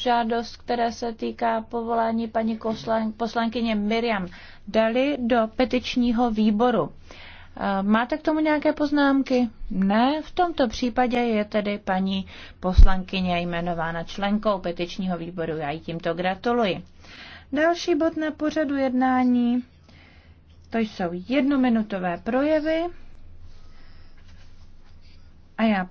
žádost, která se týká povolání paní poslankyně Miriam Dali do petičního výboru. Máte k tomu nějaké poznámky? Ne, v tomto případě je tedy paní poslankyně jmenována členkou petičního výboru. Já jí tímto gratuluji. Další bod na pořadu jednání, to jsou jednominutové projevy. A já